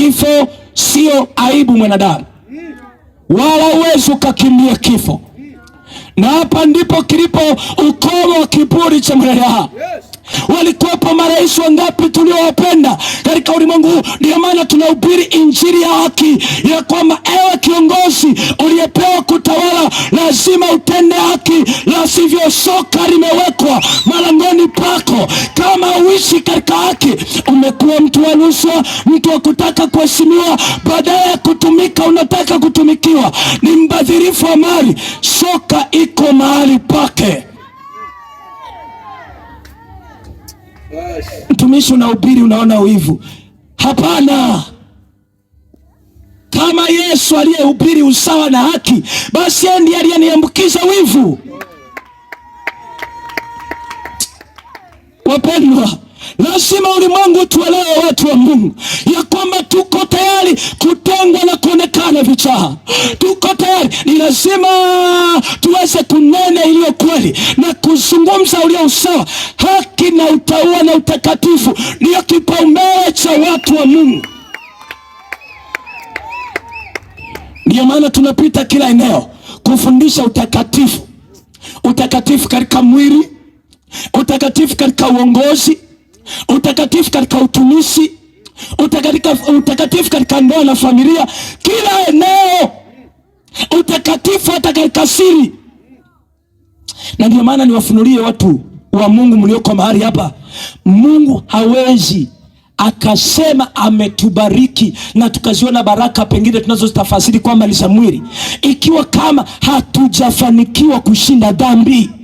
Kifo sio aibu mwanadamu, wala uwezi ukakimbia kifo, na hapa ndipo kilipo ukomo wa kiburi cha mwanadamu. Walikuwepo marais wangapi tuliowapenda katika ulimwengu huu? Ndio maana tunahubiri injili ya haki ya kwamba, ewe kiongozi uliyepewa kutawala, lazima utende haki, la sivyo soka limewekwa malangoni pako hauishi katika haki, umekuwa mtu wa rushwa, mtu wa kutaka kuheshimiwa, baadaye ya kutumika unataka kutumikiwa, ni mbadhirifu wa mali. Soka iko mahali pake. Mtumishi unahubiri, unaona uivu? Hapana. Kama Yesu aliyehubiri usawa na haki, basi yeye ndiye aliyeniambukiza wivu. Lazima ulimwengu tuelewe, watu wa Mungu, ya kwamba tuko tayari kutengwa na kuonekana vichaa. Tuko tayari, ni lazima tuweze kunena iliyo kweli na kuzungumza ulio usawa, haki na utaua na utakatifu, ndiyo kipaumbele cha watu wa Mungu. Ndiyo maana tunapita kila eneo kufundisha utakatifu, utakatifu katika mwili, utakatifu katika uongozi utakatifu katika utumishi, utakatifu katika ndoa na familia, kila eneo utakatifu, hata katika siri. Na ndio maana niwafunulie watu wa Mungu mlioko mahali hapa, Mungu hawezi akasema ametubariki na tukaziona baraka pengine tunazozitafasiri kwamba ni za mwili, ikiwa kama hatujafanikiwa kushinda dhambi.